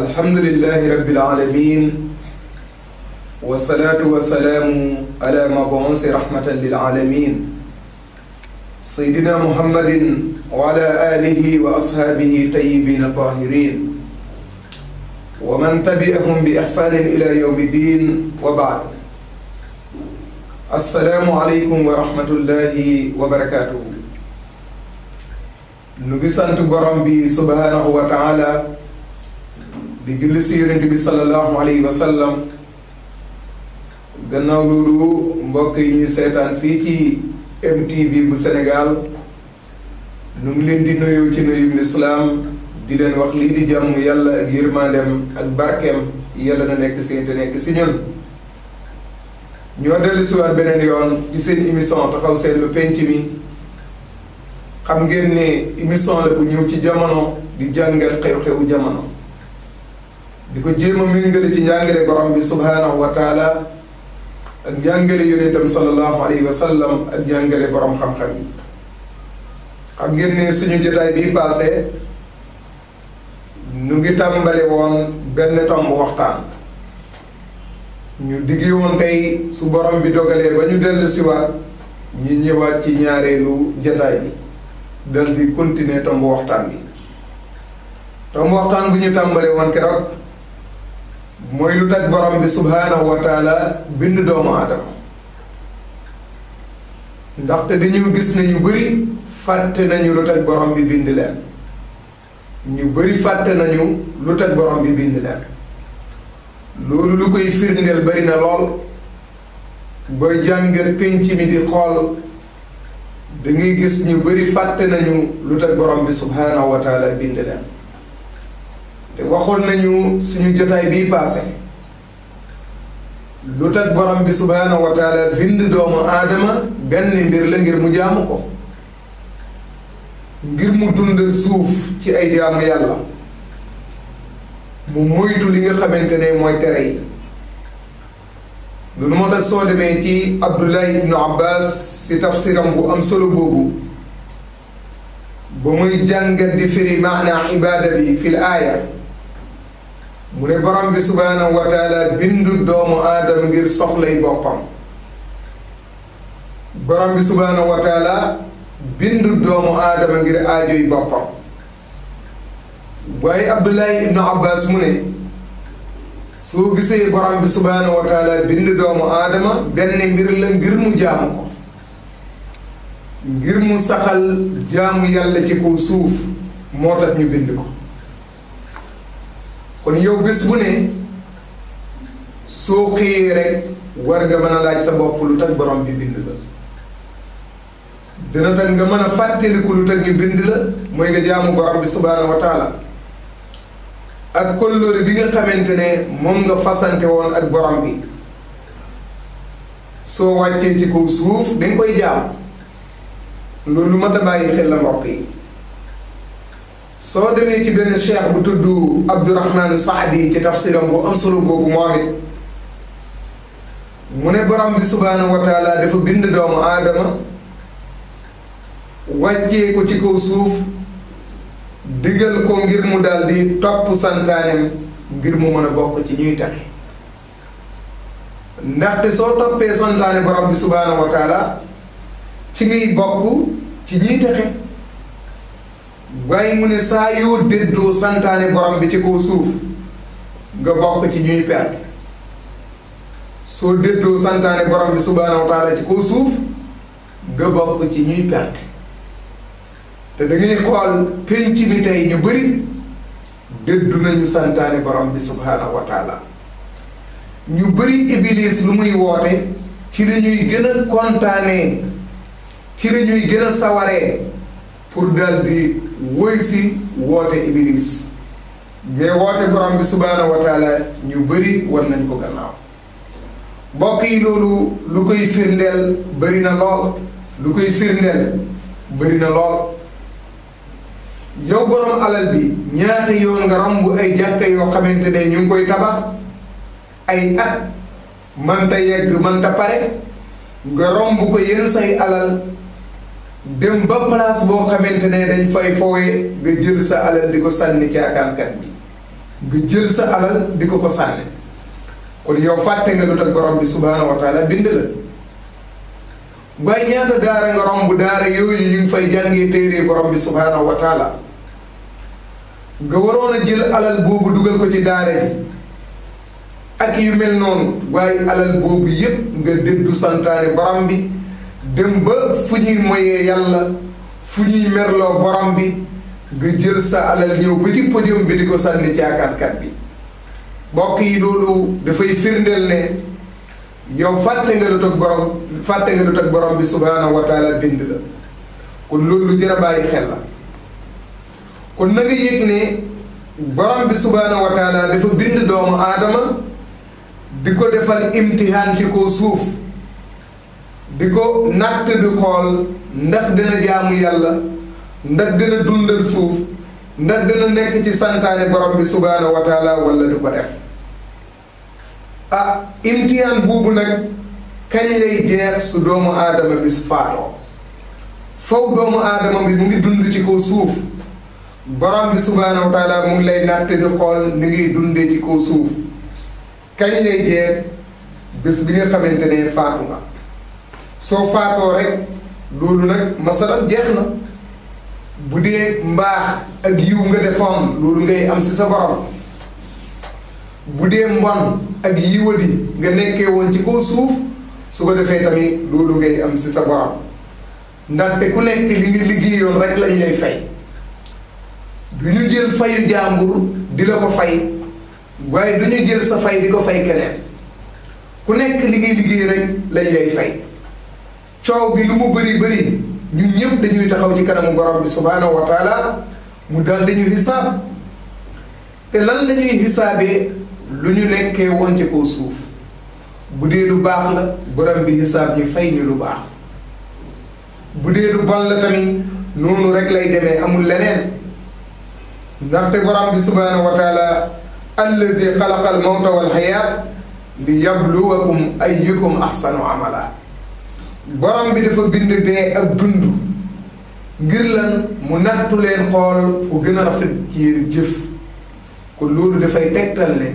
alhamdulillahi rabbil alamin wasalaatu wasalaamu ala mabuusi rahmatan lil alamin saydina muhammadin wa ala alihi wa ashaabihi tayyibina tahirin wa man tabi'ahum bi ihsaanin ila yawmi diin wa baad assalaamu aleykum wa rahmatullahi wa barakaatuhu nu ngi sant borom bi subhaanahu wa taala di julli si bi sallallahu alayhi wa sallam gannaaw loolu mbokk yi ñuy seetaan fii ci MTV bu Sénégal nu ngi leen di nuyoo ci nuyum lislaam di leen wax lii di jàmm yàlla ak yërmandeem ak barkeem yàlla na nekk seen te nekk si ñun ñoo dellu siwaat beneen yoon ci seen émission taxaw seetlu penc mi xam ngeen ne émission la bu ñëw ci jamono di jàngal xew-xewu jamono di ko jéem a méngale ci njàngale borom bi subhaanahu wa taala ak njàngale yonentam sallallahu alayhi wa sallam ak njàngale borom xam-xam yi xam ngeen ne suñu jotaay bii passé ñu ngi tàmbale woon benn tomb waxtaan ñu diggi woon tey su borom bi dogalee ba ñu dellu siwaat ñu ñëwaat ci ñaareelu jotaay bi dal di continuer tomb waxtaan bi tomb waxtaan bu ñu tàmbale woon keroog mooy lu tax borom bi subhaanahu wa taala bind doomu aadama ndaxte dañu gis nañu bëri fàtte nañu lu tax borom bi bind leen ñu bari fàtte nañu lu tax borom bi bind leen loolu lu koy firndeel bari na lool booy jàngat pénc mi di xool da gis ñu bëri fàtte nañu lu tax borom bi subhaanahu wa bind leen te waxoon nañu suñu jotaay bii paase lu tax borom bi subhaanahu wa bind doomu aadama benn mbir la ngir mu jaamu ko ngir mu dundal suuf ci ay jaamu yàlla mu moytu li nga xamante ne mooy tere yi loolu moo tax soo demee ci Abdullahi ibnu Abbas si tafsiram bu am solo boobu ba muy jàngat di firi maanaa ibaada bi fil aaya mu ne borom bi subhaanahu bindu doomu aadama ngir soxlay boppam borom bi subhaanahu bindu doomu aadama ngir aajoy boppam waaye Abdullahi ibnu Abbas mu ne soo gisee borom bi subhaanahu wa doomu aadama benn mbir la ngir mu jaamu ko ngir mu saxal jaamu yàlla ci kaw suuf moo tax ñu bind ko kon yow bés bu ne soo xëyee rek war nga mën a laaj sa bopp lu tax borom bi bind la dina tax nga mën a fàttaliku lu tax ñu bind la mooy nga jaamu borom bi subhaanahu wa ak kóllëre bi nga xamante ne moom nga fasante woon ak borom bi soo wàccee ci kaw suuf dañ koy jaam loolu mat a bàyyi xel la mbokk yi soo demee ci benn cheikh bu tudd Abdourahman Saadi ci tafsiram bu am solo boobu moo ngi mu ne borom bi subhaanahu wa taala dafa bind doomu aadama wàccee ko ci kaw suuf digal ko ngir mu daal di topp santaanem ngir mu mën a bokk ci ñuy taxe ndaxte soo toppee santaane borom bi subhaanahu wa ci ngay bokk ci ñuy taxe waaye mu ne saa yoo déddoo santaane borom bi ci kaw suuf nga bokk ci ñuy perte soo déddoo santaane borom bi subhaanahu wa taala ci kaw suuf ga bokk ci ñuy perte te da ngay xool penc bi tey ñu bëri déddu nañu santaane borom bi subhaanahu wa taala ñu bëri iblis lu muy woote ci la ñuy gën a kontaanee ci la ñuy gën a sawaree pour daal woy si woote iblis mais woote borom bi subhaanahu wa taala ñu bari war nañ ko gannaaw mbokk yi loolu lu koy firndeel bari na lool lu koy firndeel bëri na lool yow borom alal bi ñaata yoon nga rambu ay jàkka yoo xamante ne ñu ngi koy tabax ay at mënta yegg mënta pare nga romb ko yenn say alal dem ba place boo xamante ne dañ fay fowee nga jël sa alal di ko sànni caakaankat bi nga jël sa alal di ko ko sànni kon yow fàtte nga lu borom bi subhaanahu wa bind la waaye ñaata daara nga romb daara yooyu ñu fay jàngee téere borom bi subhaanahu wa taala nga waroon a jël alal boobu dugal ko ci daara ji ak yu mel noonu waaye alal boobu yépp nga dëddu santaane borom bi dem ba fu ñuy moyee yàlla fu ñuy merloo borom bi nga jël sa alal ñëw ba ci podium bi di ko sànni ci akaatkat bi bokk yi loolu dafay firndeel ne yow fàtte nga lu toog borom borom bi subhaanahu wa bind la kon loolu lu jar a bàyyi xel la kon na nga yëg ne borom bi subhaanahu wa dafa bind doomu aadama di ko defal imtihaan ci ko suuf di ko natt bi xool ndax dina jaamu yàlla ndax dina dundal suuf ndax dina nekk ci santaane borom bi subhaanahu wa taala wala ko def ah imtiyaan boobu nag kañ lay jeex su doomu aadama bi su faatoo faw doomu aadama bi mu ngi dund ci ko suuf borom bi subhaanahu wa mu ngi lay natt di xool ni ngiy dundee ci kaw suuf kañ lay jeex bés bi nga xamante ne faatu nga soo faatoo rek loolu nag masalan jeex na bu dee mbaax ak yiw nga defoon loolu ngay am ci sa borom bu dee mbon ak yiwadi nga nekkee woon ci kaw suuf su ko defee tamit loolu ngay am ci sa borom ndaxte ku nekk li nga liggéeyoon rek lañ lay fay du ñu jël fayu jàmbur di la ko fay waaye du ñu jël sa fay di ko fay keneen ku nekk li ngay liggéey rek lañ lay fay coow bi lu mu bëri bëri ñun ñëpp dañuy taxaw ci kanamu borom bi subhaanahu mu daal dañuy xisaab te lan lañuy ñuy xisaabee lu ñu nekkee woon ci kaw suuf bu dee lu baax la borom bi xisaab ñu fay ñu lu baax bu dee lu bon la tamit noonu rek lay demee amul leneen ndaxte borom bi subhaanahu wa taala allazi xalaqa al mawta wal xayaat li yabluwakum ayyukum ahsanu amala borom bi dafa bind dee ak dund ngir lan mu nattu leen xool ku gën a rafet ci jëf kon loolu dafay tegtal ne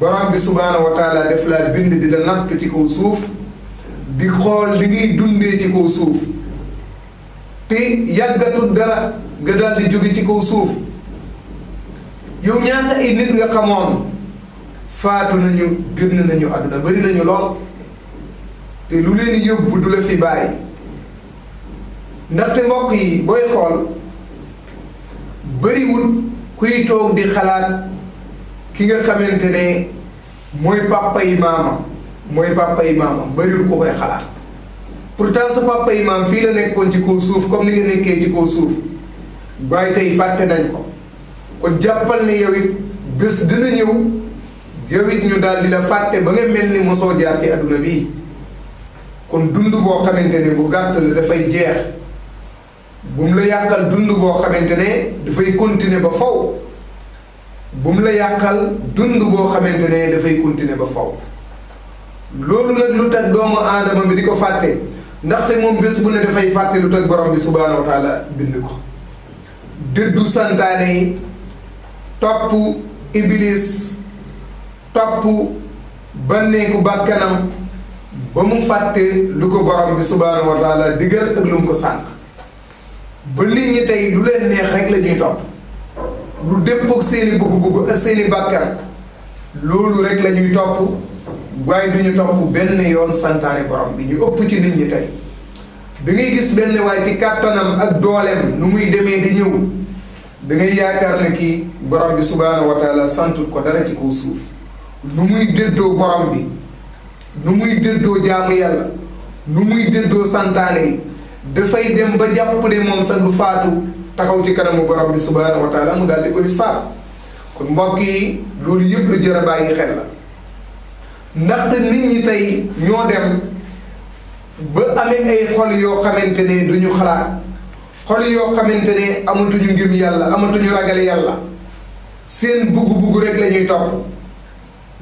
borom bi subhaanahu wa def laa bind di la nattu ci kaw suuf di xool li ngay dundee ci kaw suuf te yàggatul dara nga daal di jóge ci kaw suuf yow ñaata ay nit nga xamoon faatu nañu génn nañu àdduna bari nañu lool te lu leen yóbbu du la fi bàyyi ndaxte mbokk yi booy xool bariwul kuy toog di xalaat ki nga xamante ne mooy papa yi maamam mooy papa yi maamam bëriwul ko koy xalaat pourtant sa papa yi maam fii la nekkoon ci kaw suuf comme ni nga nekkee ci kaw suuf waaye tey fàtte nañ ko kon jàppal ne yow bés dina ñëw yow it ñu daal di la fàtte ba nga mel ni mosoo jaar ci àdduna bii kon dund boo xamante ne bu gàtt la dafay jeex bu mu la yàqal dund boo xamante ne dafay continuer ba faw bu mu la yàqal dund boo xamante ne dafay continuer ba faw loolu nag lu tax doomu aadama bi di ko fàtte ndaxte moom bés bu ne dafay fàtte lu tax borom bi subhaanahu wa taala bind ko dëddu santaane yi topp iblis topp banneeku bàkkanam ba mu fàtte lu ko borom bi subhaanahu wa taala digal ak lu mu ko sant ba nit ñi tey lu leen neex rek la ñuy topp lu dépp ak seeni bëgg-bëgg ak seeni bàkkaar loolu rek la ñuy topp waaye du ñu topp benn yoon santaane borom bi ñu ëpp ci nit ñi tey da ngay gis benn waaye ci kàttanam ak dooleem nu muy demee di ñëw dangay yaakaar ne kii borom bi subhaanahu wa taala santul ko dara ci kaw suuf nu muy déddoo borom bi nu muy dëddoo jaamu yàlla nu muy dëddoo santaane yi dafay dem ba jàpp ne moom sax du faatu taxaw ci kanamu borom bi subhaanahu wa taala mu daal koy saab kon mbokk yi loolu yëpp lu jar a bàyyi xel la ndaxte nit ñi tey ñoo dem ba amee ay xol yoo xamante ne duñu xalaat xol yoo xamante ne amatuñu ngëm yàlla amatuñu ragal yàlla seen bugg-bugg rek la ñuy topp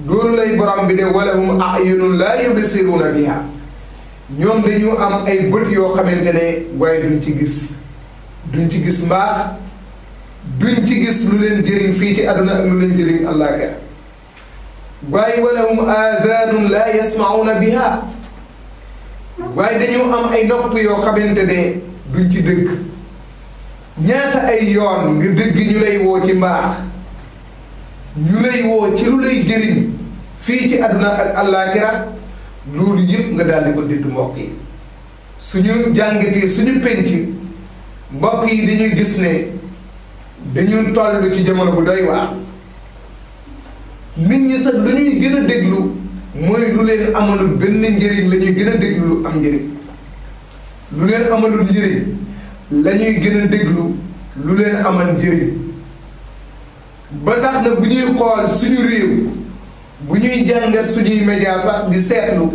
loolu lay borom bi de walahum ayunun laa yubsiruuna biha ñoom dañu am ay bët yoo xamante ne waaye duñ ci gis duñ ci gis mbaax duñ ci gis lu leen jëriñ fii ci àdduna ak lu leen jëriñ àllaaxira waaye walahum aazaanun laa yasmauna biha waaye dañu am ay nopp yoo xamante ne duñ ci dëgg ñaata ay yoon ngir dëgg ñu lay woo ci mbaax ñu lay woo ci lu lay jëriñ fii ci àdduna ak àllaaxira loolu yëpp nga daal di ko didd mbokk yi suñu jàngatee suñu penc mbokk yi dañuy gis ne dañu toll ci jamono bu doy waar nit ñi sax lu ñuy gën a déglu mooy lu leen amalul benn njëriñ la ñuy gën a déglu am njëriñ lu leen amalul njëriñ lañuy gën a déglu lu leen amal njëriñ ba tax na bu ñuy xool suñu réew bu ñuy jàngat suñuy média sax di seetlu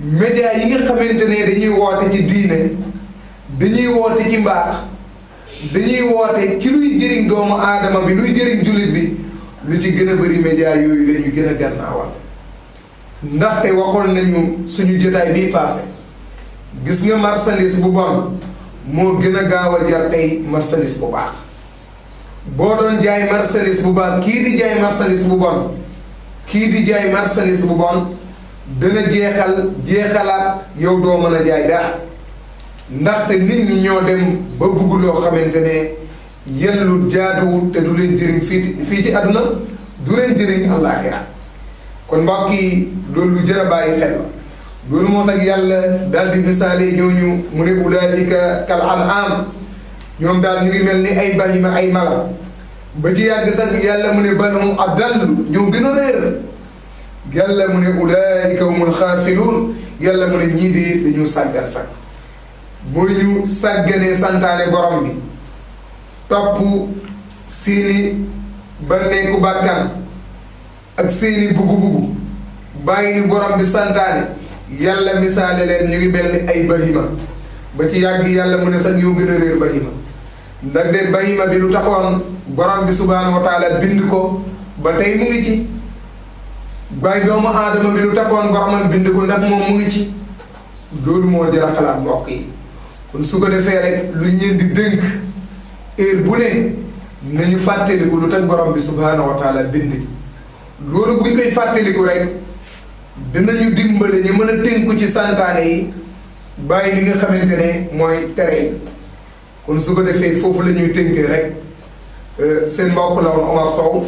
média yi nga xamante ne dañuy woote ci diine dañuy woote ci mbaax dañuy woote ci luy jëriñ doomu aadama bi luy jëriñ jullit bi lu ci gën a bëri média yooyu lañuy gën a gannaawal ndaxte waxoon nañu suñu jotaay bii passé gis nga marchandise bu bon moo gën a gaaw a jar tey bu baax boo doon jaay marchandise bu baax kii di jaay marchandise bu bon kii di jaay marchandise bu bon dana jeexal jeexalaat yow doo mën a jaay dara ndaxte nit ñi ñoo dem ba bugg loo xamante ne yellut jaaduwul te du leen jëriñ fii fii ci àdduna du leen jëriñ àllaaxira kon mbokk yi loolu lu a bàyyi xel la loolu moo tax yàlla daal di misaale ñooñu mu ne ulaayika kal an'aam ñoom daal ñu ngi mel ni ay bahima ay mala ba ci yàgg sax yàlla mu ne bal hum adallu ñoo gën a réer yàlla mu ne ulaayika humul yàlla mu ne ñii de dañu sàggal sàgg boo ñu sàgganee santaane borom bi topp seeni banneeku bàkkan ak seeni buggu-buggu bàyyi ni borom bi santaane yàlla misaale leen ñu ngi mel ni ay bahima ba ci yàgg yàlla mu ne sax ñoo gën a réer bahima ndax de bahima bi lu taxoon borom bi subhaanahu wa taala bind ko ba tey mu ngi ci waaye doomu aadama bi lu taxoon gorman bind ko ndax moom mu ngi ci loolu moo jëra xalaat mbokk yi kon su ko defee rek lu ñeen di dénk heure bu ne nañu fàttaliku lu tax borom bi subhaanahu wa taala bind loolu buñ koy fàttaliku rek dinañu dimbale ñu mën a tënku ci santaane yi bàyyi li nga xamante ne mooy tere yi kon su ko defee foofu la ñuy tënkee rek euh, seen mbokk la woon Omar Sow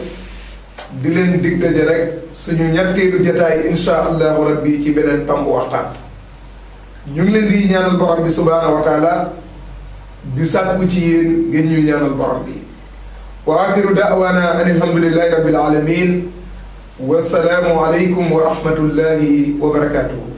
di leen dig daje rek suñu ñetteelu jataay insha allahu rabbi ci beneen tamb waxtaan ñu ngi leen di ñaanal borom bi subhaanahu wa taala di sàkku ci yéen gën ñu ñaanal borom bi wa axiru daawaana an alhamdulillahi rabbil alamin wa aleykum wa rahmatullahi